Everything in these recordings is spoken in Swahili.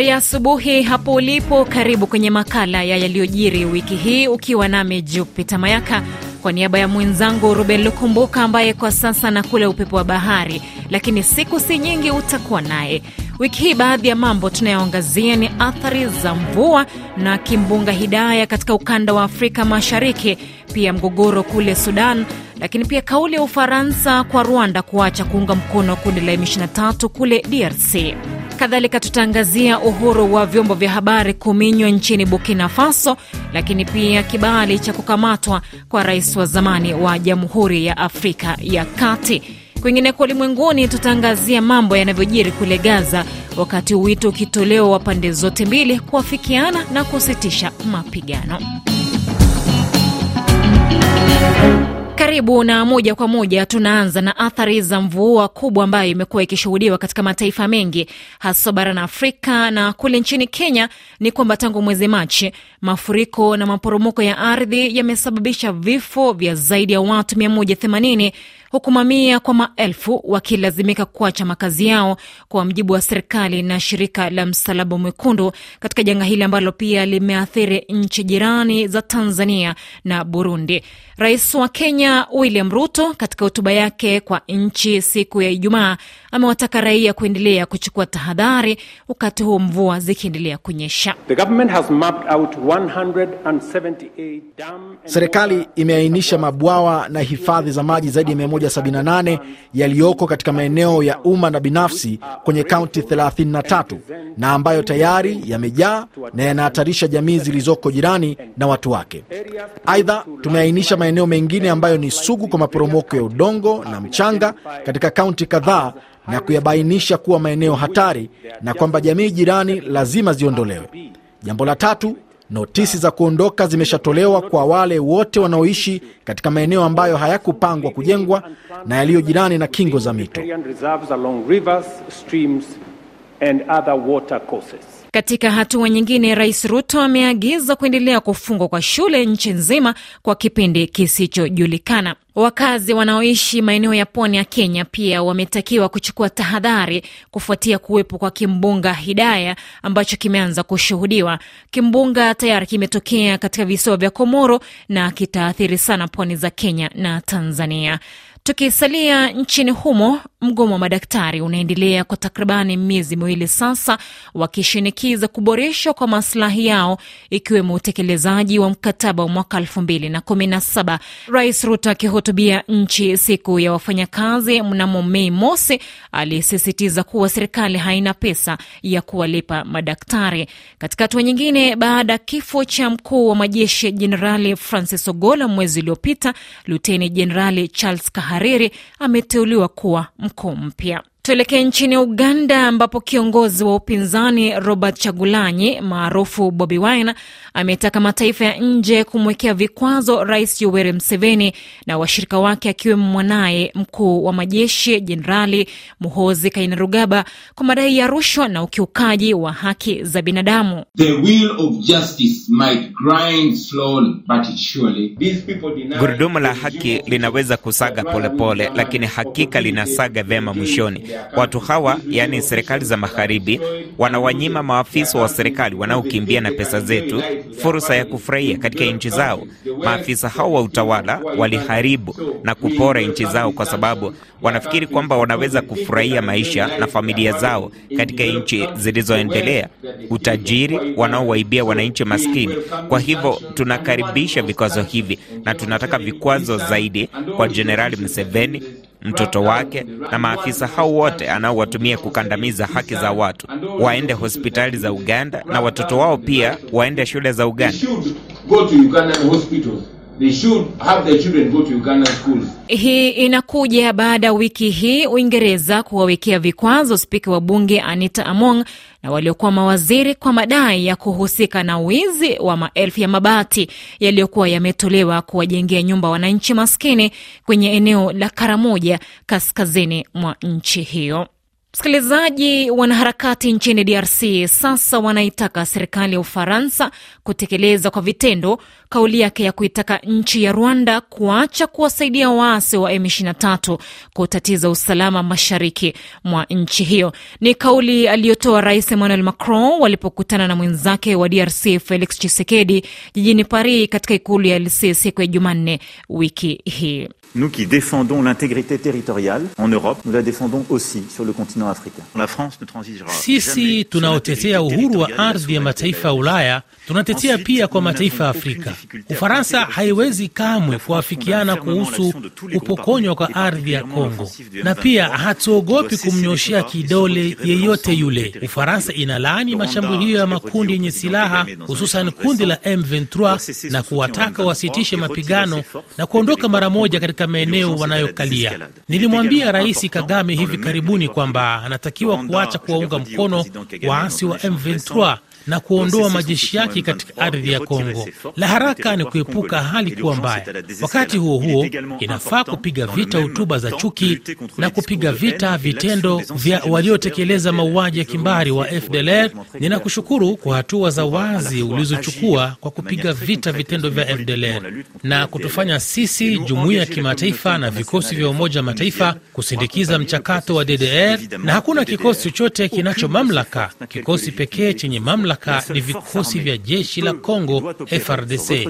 Habari ya asubuhi hapo ulipo, karibu kwenye makala ya yaliyojiri wiki hii, ukiwa nami Jupita Mayaka kwa niaba ya mwenzangu Ruben Lukumbuka ambaye kwa sasa na kule upepo wa bahari, lakini siku si nyingi utakuwa naye. Wiki hii baadhi ya mambo tunayoangazia ni athari za mvua na kimbunga Hidaya katika ukanda wa Afrika Mashariki, pia mgogoro kule Sudan, lakini pia kauli ya Ufaransa kwa Rwanda kuacha kuunga mkono kundi la M23 kule DRC kadhalika tutaangazia uhuru wa vyombo vya habari kuminywa nchini Burkina Faso, lakini pia kibali cha kukamatwa kwa rais wa zamani wa Jamhuri ya Afrika ya Kati. Kwingineko ulimwenguni, tutaangazia mambo yanavyojiri kule Gaza, wakati wito ukitolewa wa pande zote mbili kuafikiana na kusitisha mapigano. Karibu na moja kwa moja tunaanza na athari za mvua kubwa ambayo imekuwa ikishuhudiwa katika mataifa mengi hasa barani Afrika na kule nchini Kenya ni kwamba tangu mwezi Machi mafuriko na maporomoko ya ardhi yamesababisha vifo vya zaidi ya watu 180 huku mamia kwa maelfu wakilazimika kuacha makazi yao, kwa mjibu wa serikali na shirika la Msalaba Mwekundu katika janga hili ambalo pia limeathiri nchi jirani za Tanzania na Burundi. Rais wa Kenya William Ruto katika hotuba yake kwa nchi siku ya Ijumaa amewataka raia kuendelea kuchukua tahadhari wakati huu mvua zikiendelea kunyesha. Serikali imeainisha mabwawa na hifadhi za maji zaidi ya 178 yaliyoko katika maeneo ya umma na binafsi kwenye kaunti 33 na ambayo tayari yamejaa na yanahatarisha jamii zilizoko jirani na watu wake. Aidha, tumeainisha maeneo mengine ambayo ni sugu kwa maporomoko ya udongo na mchanga katika kaunti kadhaa na kuyabainisha kuwa maeneo hatari na kwamba jamii jirani lazima ziondolewe. Jambo la tatu, Notisi za kuondoka zimeshatolewa kwa wale wote wanaoishi katika maeneo ambayo hayakupangwa kujengwa na yaliyo jirani na kingo za mito. Katika hatua nyingine, Rais Ruto ameagiza kuendelea kufungwa kwa shule nchi nzima kwa kipindi kisichojulikana. Wakazi wanaoishi maeneo ya pwani ya Kenya pia wametakiwa kuchukua tahadhari kufuatia kuwepo kwa kimbunga Hidaya ambacho kimeanza kushuhudiwa. Kimbunga tayari kimetokea katika visiwa vya Komoro na kitaathiri sana pwani za Kenya na Tanzania. Tukisalia nchini humo, mgomo wa madaktari unaendelea kwa takribani miezi miwili sasa, wakishinikiza kuboreshwa kwa maslahi yao, ikiwemo utekelezaji wa mkataba wa mwaka saba. Rais Ruto akihutubia nchi siku ya wafanyakazi mnamo Mei mosi, alisisitiza kuwa serikali haina pesa ya kuwalipa madaktari. Katika hatua nyingine, baada ya kifo cha mkuu wa majeshi Jenerali Francis Ogola mwezi uliopita, Luteni Jenerali Charles Kahari Hariri ameteuliwa kuwa mkuu mpya. Tuelekee nchini Uganda ambapo kiongozi wa upinzani Robert Chagulanyi maarufu Bobi Wine ametaka mataifa ya nje kumwekea vikwazo Rais Yoweri Museveni na washirika wake akiwemo mwanaye mkuu wa majeshi Jenerali Muhozi Kainerugaba kwa madai ya rushwa na ukiukaji wa haki za binadamu. Gurudumu la haki linaweza kusaga polepole pole, lakini hakika linasaga vyema mwishoni. Watu hawa, yaani serikali za magharibi, wanawanyima maafisa wa serikali wanaokimbia na pesa zetu fursa ya kufurahia katika nchi zao. Maafisa hao wa utawala waliharibu na kupora nchi zao kwa sababu wanafikiri kwamba wanaweza kufurahia maisha na familia zao katika nchi zilizoendelea, utajiri wanaowaibia wananchi maskini. Kwa hivyo tunakaribisha vikwazo hivi na tunataka vikwazo zaidi kwa Jenerali Museveni mtoto wake na maafisa hao wote anaowatumia kukandamiza haki za watu waende hospitali za Uganda na watoto wao pia waende shule za Uganda. Hii inakuja baada ya wiki hii Uingereza kuwawekea vikwazo spika wa bunge Anita Among na waliokuwa mawaziri kwa madai ya kuhusika na wizi wa maelfu ya mabati yaliyokuwa yametolewa kuwajengea nyumba wananchi maskini kwenye eneo la Karamoja kaskazini mwa nchi hiyo. Msikilizaji, wanaharakati nchini DRC sasa wanaitaka serikali ya Ufaransa kutekeleza kwa vitendo kauli yake ya kuitaka nchi ya Rwanda kuacha kuwasaidia waasi wa M23 kutatiza usalama mashariki mwa nchi hiyo. Ni kauli aliyotoa Rais Emmanuel Macron walipokutana na mwenzake wa DRC Felix Tshisekedi jijini Paris katika ikulu ya Elysee siku ya Jumanne wiki hii. Nous qui défendons l'intégrité territoriale en Europe, nous la défendons aussi sur le continent africain. La France ne transigera. Sisi tunaotetea uhuru wa ardhi ya mataifa ya Ulaya tunatetea pia kwa mataifa ya Afrika. Ufaransa haiwezi kamwe kuafikiana kuhusu kupokonywa kwa ardhi ya Kongo, na pia hatuogopi kumnyoshea kidole yeyote yule. Ufaransa inalaani mashambulio ya makundi yenye silaha, hususan kundi la M23 na kuwataka wasitishe mapigano na kuondoka mara moja katika katika maeneo wanayokalia. Nilimwambia Rais Kagame hivi karibuni kwamba anatakiwa kuacha kuwaunga mkono waasi wa M23 na kuondoa majeshi yake katika ardhi ya Kongo. La haraka ni kuepuka hali kuwa mbaya. Wakati huo huo, inafaa kupiga vita hutuba za chuki na kupiga vita vitendo vya waliotekeleza mauaji ya kimbari wa FDLR. Ninakushukuru kwa hatua za wazi ulizochukua kwa kupiga vita vitendo vya FDLR na kutufanya sisi, jumuiya ya kimataifa na vikosi vya Umoja Mataifa, kusindikiza mchakato wa DDR, na hakuna kikosi chochote kinacho mamlaka. Kikosi pekee chenye mamlaka mamlaka ni vikosi vya jeshi la Kongo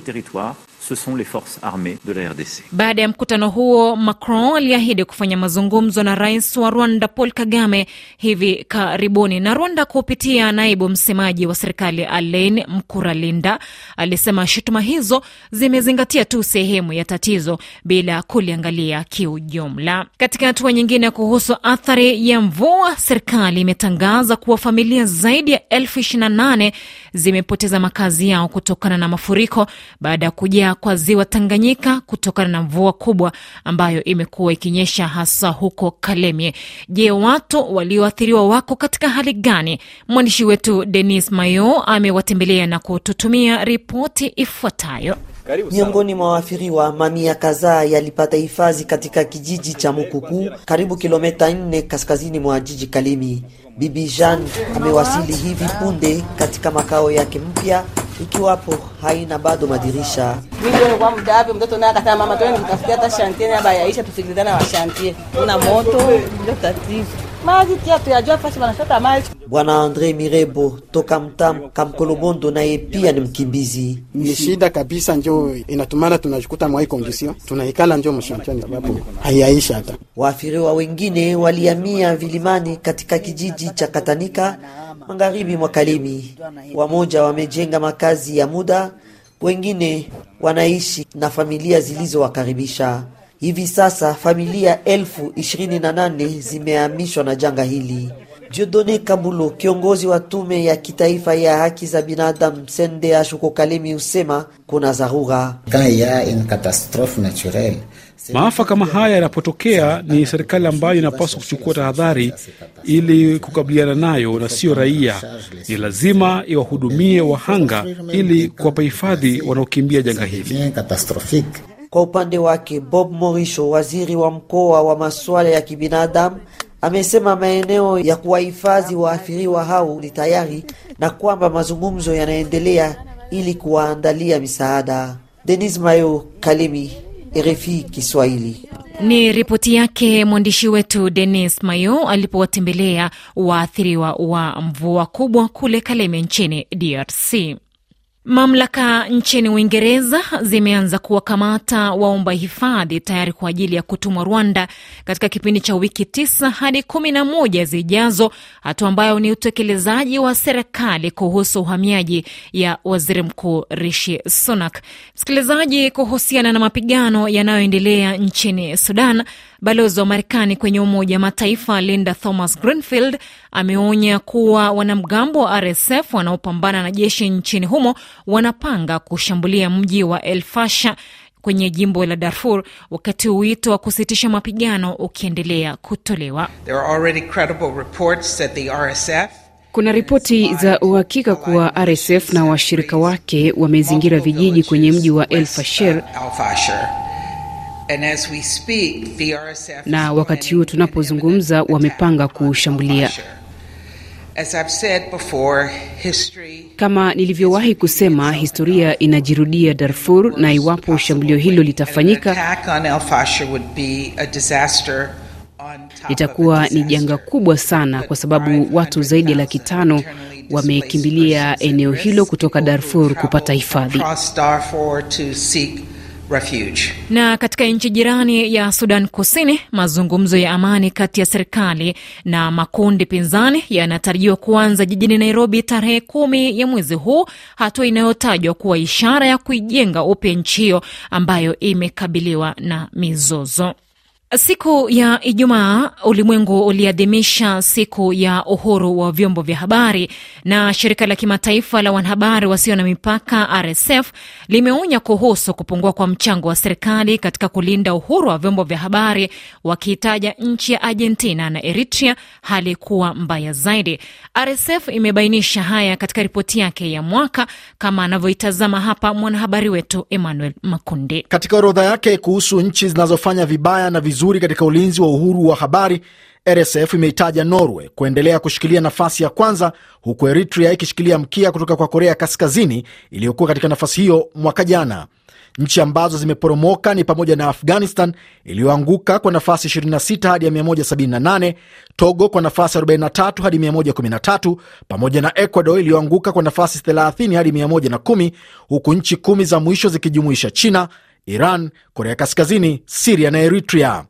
territoire. ce sont les forces armées de la RDC. Baada ya mkutano huo, Macron aliahidi kufanya mazungumzo na rais wa Rwanda Paul Kagame hivi karibuni. Na Rwanda kupitia naibu msemaji wa serikali Alain Mkuralinda alisema shutuma hizo zimezingatia tu sehemu ya tatizo bila kuliangalia kiujumla. Katika hatua nyingine kuhusu athari ya mvua, serikali imetangaza kuwa familia zaidi ya elfu 28 zimepoteza makazi yao kutokana na mafuriko baada ya kujaa kwa ziwa Tanganyika kutokana na mvua kubwa ambayo imekuwa ikinyesha hasa huko Kalemie. Je, watu walioathiriwa wako katika hali gani? Mwandishi wetu Denis Mayo amewatembelea na kututumia ripoti ifuatayo. Miongoni mwa waathiriwa, mamia kadhaa yalipata hifadhi katika kijiji cha Mukuku, karibu kilomita nne kaskazini mwa jiji kalimi Bibi Jean amewasili hivi punde katika makao yake mpya ikiwa hapo haina bado madirisha. Mimi kwa muda mtoto naye akataa, mama, twende hata shantie hapa yaisha, tusikilizane wa shantie. Kuna moto ndio tatizo. Bwana Andre Mirebo toka mtam Kamkolobondo, naye pia ni mkimbizi. Ni shida kabisa, njo inatumana tunajikuta mwai kondisio tunaikala njo mshanchani, sababu haiaisha hata. Waathiriwa wengine walihamia vilimani katika kijiji cha Katanika magharibi mwa Wamoja wamejenga makazi ya muda, wengine wanaishi na familia zilizowakaribisha. Hivi sasa familia elfu ishirini na nane zimehamishwa na janga hili. Jodone Kambulo, kiongozi wa tume ya kitaifa ya haki za binadamu sende ashuko Kalemi, husema kuna dharura. Maafa kama haya yanapotokea, ni serikali ambayo inapaswa kuchukua tahadhari ili kukabiliana nayo na sio raia. Ni lazima iwahudumie wahanga ili kuwapa hifadhi wanaokimbia janga hili. Kwa upande wake Bob Morisho, waziri wa mkoa wa masuala ya kibinadamu, amesema maeneo ya kuwahifadhi waathiriwa hao ni tayari na kwamba mazungumzo yanaendelea ili kuwaandalia misaada. Denis Mayo, Kalemi, RFI Kiswahili. Ni ripoti yake mwandishi wetu Denis Mayo alipowatembelea waathiriwa wa mvua kubwa kule Kalemi nchini DRC. Mamlaka nchini Uingereza zimeanza kuwakamata waomba hifadhi tayari kwa ajili ya kutumwa Rwanda katika kipindi cha wiki tisa hadi kumi na moja zijazo, hatua ambayo ni utekelezaji wa serikali kuhusu uhamiaji ya waziri mkuu Rishi Sunak. Msikilizaji, kuhusiana na mapigano yanayoendelea nchini Sudan, Balozi wa Marekani kwenye Umoja wa Mataifa Linda Thomas Greenfield ameonya kuwa wanamgambo wa RSF wanaopambana na jeshi nchini humo wanapanga kushambulia mji wa El Fasha kwenye jimbo la Darfur wakati wito wa kusitisha mapigano ukiendelea kutolewa. kuna ripoti za uhakika kuwa RSF na washirika wake wamezingira vijiji kwenye mji wa El Fasher na wakati huo tunapozungumza, wamepanga kuushambulia. Kama nilivyowahi kusema, historia inajirudia Darfur, na iwapo shambulio hilo litafanyika, litakuwa ni janga kubwa sana, kwa sababu watu zaidi ya laki tano wamekimbilia eneo hilo kutoka Darfur kupata hifadhi refuge. Na katika nchi jirani ya Sudan Kusini, mazungumzo ya amani kati ya serikali na makundi pinzani yanatarajiwa kuanza jijini Nairobi tarehe kumi ya mwezi huu, hatua inayotajwa kuwa ishara ya kuijenga upya nchi hiyo ambayo imekabiliwa na mizozo. Siku ya Ijumaa ulimwengu uliadhimisha siku ya uhuru wa vyombo vya habari, na shirika la kimataifa la wanahabari wasio na mipaka RSF limeonya kuhusu kupungua kwa mchango wa serikali katika kulinda uhuru wa vyombo vya habari, wakiitaja nchi ya Argentina na Eritrea hali kuwa mbaya zaidi. RSF imebainisha haya katika ripoti yake ya mwaka, kama anavyoitazama hapa mwanahabari wetu Emmanuel Makundi. Katika orodha yake kuhusu nchi zinazofanya vibaya na vizu vizuri katika ulinzi wa uhuru wa habari, RSF imeitaja Norway kuendelea kushikilia nafasi ya kwanza, huku Eritrea ikishikilia mkia kutoka kwa Korea Kaskazini iliyokuwa katika nafasi hiyo mwaka jana. Nchi ambazo zimeporomoka ni pamoja na Afghanistan iliyoanguka kwa nafasi 26 hadi ya 178, Togo kwa nafasi 43 hadi 113, pamoja na Ecuador iliyoanguka kwa nafasi 30 hadi 110, huku nchi kumi za mwisho zikijumuisha China, Iran, Korea Kaskazini, Siria na Eritrea.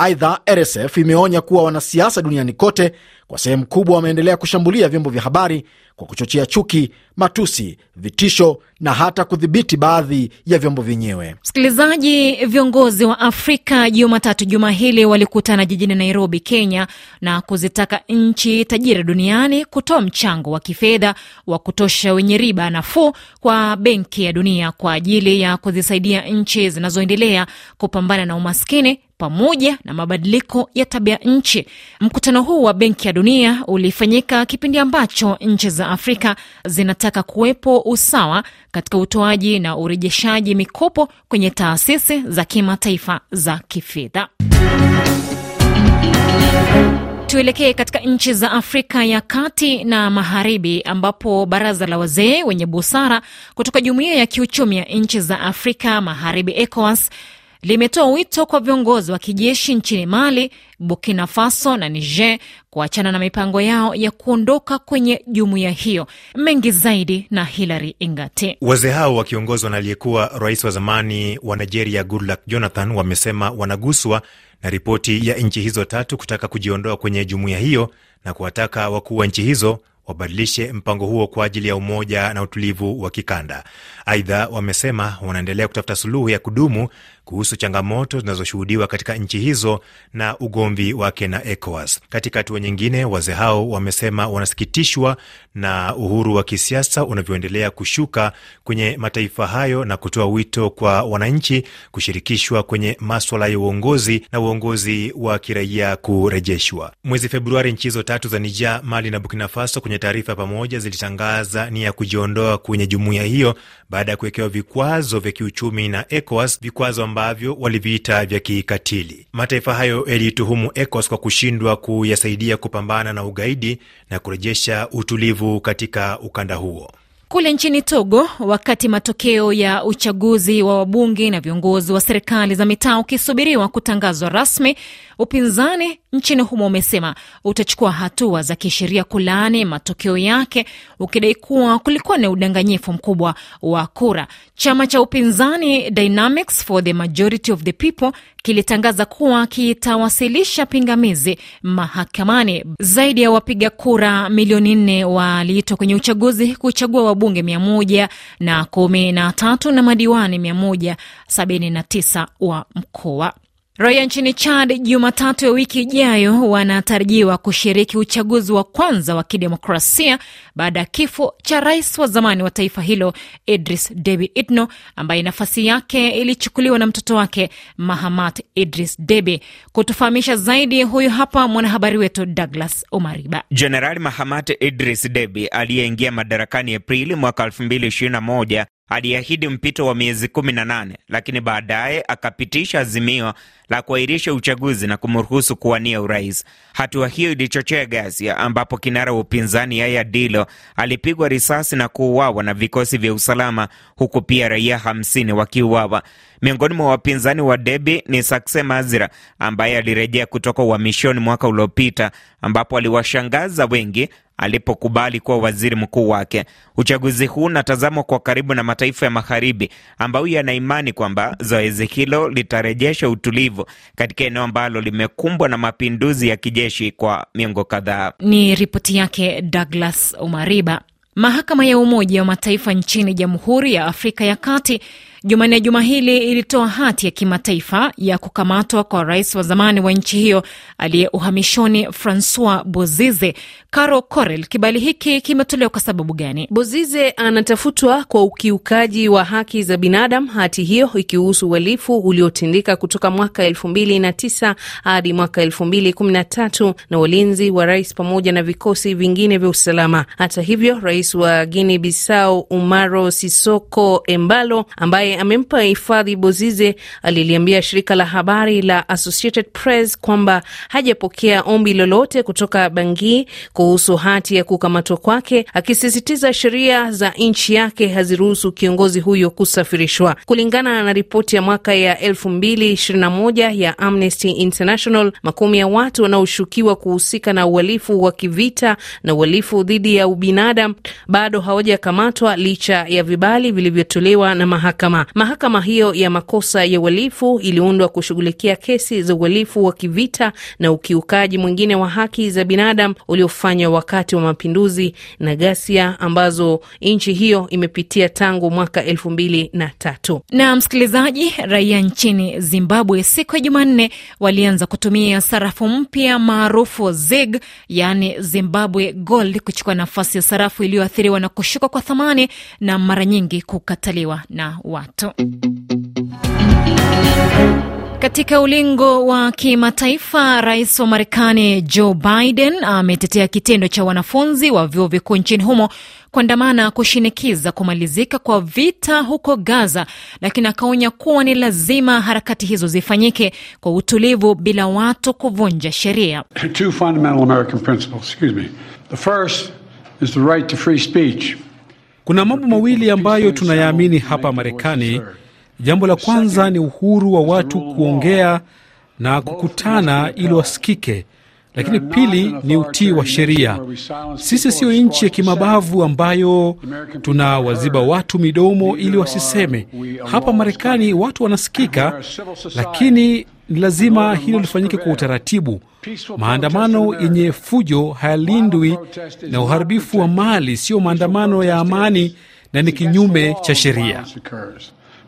Aidha, RSF imeonya kuwa wanasiasa duniani kote kwa sehemu kubwa wameendelea kushambulia vyombo vya habari kwa kuchochea chuki, matusi, vitisho na hata kudhibiti baadhi ya vyombo vyenyewe. Msikilizaji, viongozi wa Afrika Jumatatu juma hili walikutana jijini Nairobi, Kenya, na kuzitaka nchi tajiri duniani kutoa mchango wa kifedha wa kutosha wenye riba nafuu kwa Benki ya Dunia kwa ajili ya kuzisaidia nchi zinazoendelea kupambana na umaskini pamoja na mabadiliko ya tabia nchi. Mkutano huu wa Benki ya dunia ulifanyika kipindi ambacho nchi za Afrika zinataka kuwepo usawa katika utoaji na urejeshaji mikopo kwenye taasisi za kimataifa za kifedha. Tuelekee katika nchi za Afrika ya kati na magharibi, ambapo baraza la wazee wenye busara kutoka jumuiya ya kiuchumi ya nchi za Afrika Magharibi, ECOWAS, limetoa wito kwa viongozi wa kijeshi nchini Mali, Burkina Faso na Niger kuachana na mipango yao ya kuondoka kwenye jumuiya hiyo. Mengi zaidi na Hilary Ingati. Wazee hao wakiongozwa na aliyekuwa rais wa zamani wa Nigeria Goodluck Jonathan wamesema wanaguswa na ripoti ya nchi hizo tatu kutaka kujiondoa kwenye jumuiya hiyo na kuwataka wakuu wa nchi hizo wabadilishe mpango huo kwa ajili ya umoja na utulivu wa kikanda. Aidha, wamesema wanaendelea kutafuta suluhu ya kudumu kuhusu changamoto zinazoshuhudiwa katika nchi hizo na ugomvi wake na ECOWAS. Katika hatua nyingine, wazee hao wamesema wanasikitishwa na uhuru wa kisiasa unavyoendelea kushuka kwenye mataifa hayo na kutoa wito kwa wananchi kushirikishwa kwenye maswala ya uongozi na uongozi wa kiraia kurejeshwa. Mwezi Februari, nchi hizo tatu za Niger, Mali na Burkina Faso kwenye taarifa pamoja zilitangaza nia ya kujiondoa kwenye jumuiya hiyo baada ya kuwekewa vikwazo vya kiuchumi na ECOWAS, vikwazo ambavyo waliviita vya kikatili. Mataifa hayo yaliituhumu ECOWAS kwa kushindwa kuyasaidia kupambana na ugaidi na kurejesha utulivu katika ukanda huo. Kule nchini Togo, wakati matokeo ya uchaguzi wa wabunge na viongozi wa serikali za mitaa ukisubiriwa kutangazwa rasmi, upinzani nchini humo umesema utachukua hatua za kisheria kulaani matokeo yake, ukidai kuwa kulikuwa na udanganyifu mkubwa wa kura. Chama cha upinzani Dynamics for the Majority of the People kilitangaza kuwa kitawasilisha pingamizi mahakamani. Zaidi ya wapiga kura milioni nne waliitwa kwenye uchaguzi kuchagua wabunge mia moja na kumi na tatu na madiwani mia moja sabini na tisa wa mkoa. Raia nchini Chad Jumatatu ya wiki ijayo wanatarajiwa kushiriki uchaguzi wa kwanza wa kidemokrasia baada ya kifo cha rais wa zamani wa taifa hilo Idris Deby Itno, ambaye nafasi yake ilichukuliwa na mtoto wake Mahamat Idris Deby. Kutufahamisha zaidi, huyu hapa mwanahabari wetu Douglas Omariba. Jenerali Mahamat Idris Deby aliyeingia madarakani Aprili mwaka 2021 aliahidi mpito wa miezi 18 lakini baadaye akapitisha azimio la kuahirisha uchaguzi na kumruhusu kuwania urais. Hatua hiyo ilichochea ghasia, ambapo kinara wa upinzani Yaya Dilo alipigwa risasi na kuuawa na vikosi vya usalama, huku pia raia 50 wakiuawa. Miongoni mwa wapinzani wa Debi ni Sakse Mazira ambaye alirejea kutoka uhamishoni mwaka uliopita, ambapo aliwashangaza wengi alipokubali kuwa waziri mkuu wake. Uchaguzi huu unatazamwa kwa karibu na mataifa ya Magharibi ambayo yanaimani kwamba zoezi hilo litarejesha utulivu katika eneo ambalo limekumbwa na mapinduzi ya kijeshi kwa miongo kadhaa. Ni ripoti yake Douglas Omariba. Mahakama ya Umoja wa Mataifa nchini Jamhuri ya Afrika ya Kati Jumanne juma hili ilitoa hati ya kimataifa ya kukamatwa kwa rais wa zamani wa nchi hiyo aliye uhamishoni Francois Bozize. Caro Corel, kibali hiki kimetolewa kwa sababu gani? Bozize anatafutwa kwa ukiukaji wa haki za binadamu, hati hiyo ikihusu uhalifu uliotendeka kutoka mwaka elfu mbili na tisa hadi mwaka elfu mbili kumi na tatu na walinzi wa rais pamoja na vikosi vingine vya usalama. Hata hivyo, rais wa Guinea Bissau Umaro Sisoko Embalo ambaye ambaye amempa hifadhi Bozize aliliambia shirika la habari la Associated Press kwamba hajapokea ombi lolote kutoka Bangi kuhusu hati ya kukamatwa kwake, akisisitiza sheria za nchi yake haziruhusu kiongozi huyo kusafirishwa. Kulingana na ripoti ya mwaka ya 2021 ya Amnesty International, makumi ya watu wanaoshukiwa kuhusika na uhalifu wa kivita na uhalifu dhidi ya ubinadamu bado hawajakamatwa licha ya vibali vilivyotolewa na mahakama mahakama. hiyo ya makosa ya uhalifu iliundwa kushughulikia kesi za uhalifu wa kivita na ukiukaji mwingine wa haki za binadamu uliofanywa wakati wa mapinduzi na ghasia ambazo nchi hiyo imepitia tangu mwaka elfu mbili na tatu. Na msikilizaji, raia nchini Zimbabwe siku ya Jumanne walianza kutumia sarafu mpya maarufu ZiG, yaani Zimbabwe Gold, kuchukua nafasi ya sarafu iliyoathiriwa na kushuka kwa thamani na mara nyingi kukataliwa na watu tatu. Katika ulingo wa kimataifa, rais wa Marekani Joe Biden ametetea kitendo cha wanafunzi wa vyuo vikuu nchini humo kuandamana kushinikiza kumalizika kwa vita huko Gaza, lakini akaonya kuwa ni lazima harakati hizo zifanyike kwa utulivu bila watu kuvunja sheria. Two fundamental American principles, excuse me. The first is the right to free speech. Kuna mambo mawili ambayo tunayaamini hapa Marekani. Jambo la kwanza ni uhuru wa watu kuongea na kukutana ili wasikike. Lakini pili ni utii wa sheria. Sisi siyo nchi ya kimabavu ambayo tunawaziba watu midomo ili wasiseme. Hapa Marekani watu wanasikika, lakini ni lazima hilo lifanyike kwa utaratibu. Maandamano yenye fujo hayalindwi, na uharibifu wa mali siyo maandamano ya amani na ni kinyume cha sheria.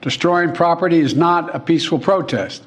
Destroying property is not a peaceful protest.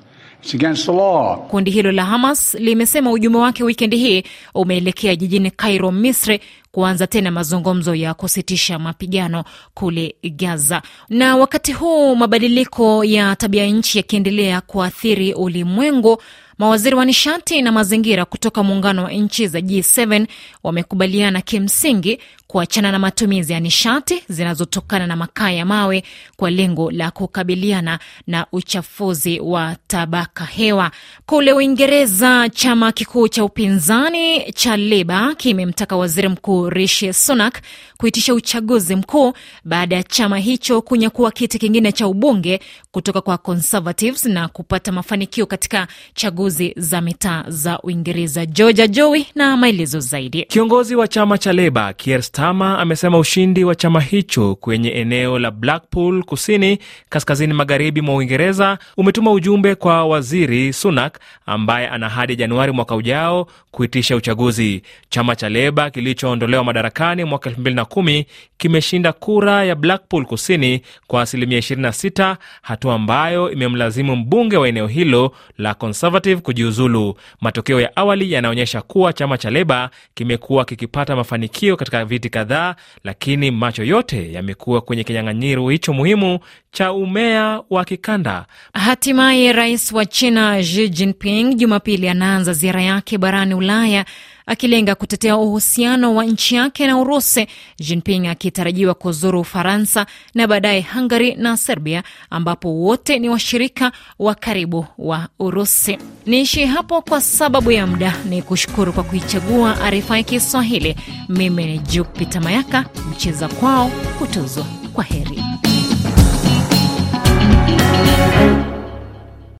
Kundi hilo la Hamas limesema ujumbe wake wikendi hii umeelekea jijini Cairo, Misri, kuanza tena mazungumzo ya kusitisha mapigano kule Gaza. Na wakati huu mabadiliko ya tabia nchi yakiendelea kuathiri ulimwengu Mawaziri wa nishati na mazingira kutoka muungano wa nchi za G7 wamekubaliana kimsingi kuachana na matumizi ya nishati zinazotokana na makaa ya mawe kwa lengo la kukabiliana na uchafuzi wa tabaka hewa. Kule Uingereza, chama kikuu cha upinzani cha Leba kimemtaka waziri mkuu Rishi Sunak kuitisha uchaguzi mkuu baada ya chama hicho kunyakua kiti kingine cha ubunge kutoka kwa Conservatives na kupata mafanikio katika chaguzi za mitaa za Uingereza. Georgia Joey na maelezo zaidi. Kiongozi wa chama cha Leba Keir Starmer amesema ushindi wa chama hicho kwenye eneo la Blackpool kusini kaskazini magharibi mwa Uingereza umetuma ujumbe kwa waziri Sunak ambaye ana hadi Januari mwaka ujao kuitisha uchaguzi. Chama cha Leba kilichoondolewa madarakani mwaka na kumi kimeshinda kura ya Blackpool Kusini kwa asilimia 26, hatua ambayo imemlazimu mbunge wa eneo hilo la Conservative kujiuzulu. Matokeo ya awali yanaonyesha kuwa chama cha Leba kimekuwa kikipata mafanikio katika viti kadhaa, lakini macho yote yamekuwa kwenye kinyang'anyiro hicho muhimu cha umea wa kikanda. Hatimaye rais wa China Xi Jinping Jumapili anaanza ziara yake barani Ulaya akilenga kutetea uhusiano wa nchi yake na Urusi. Jinping akitarajiwa kuzuru Ufaransa na baadaye Hungary na Serbia, ambapo wote ni washirika wa karibu wa Urusi. Niishi hapo kwa sababu ya muda, ni kushukuru kwa kuichagua arifa ya Kiswahili. Mimi ni Jupita Mayaka, mcheza kwao kutuzwa. Kwa heri.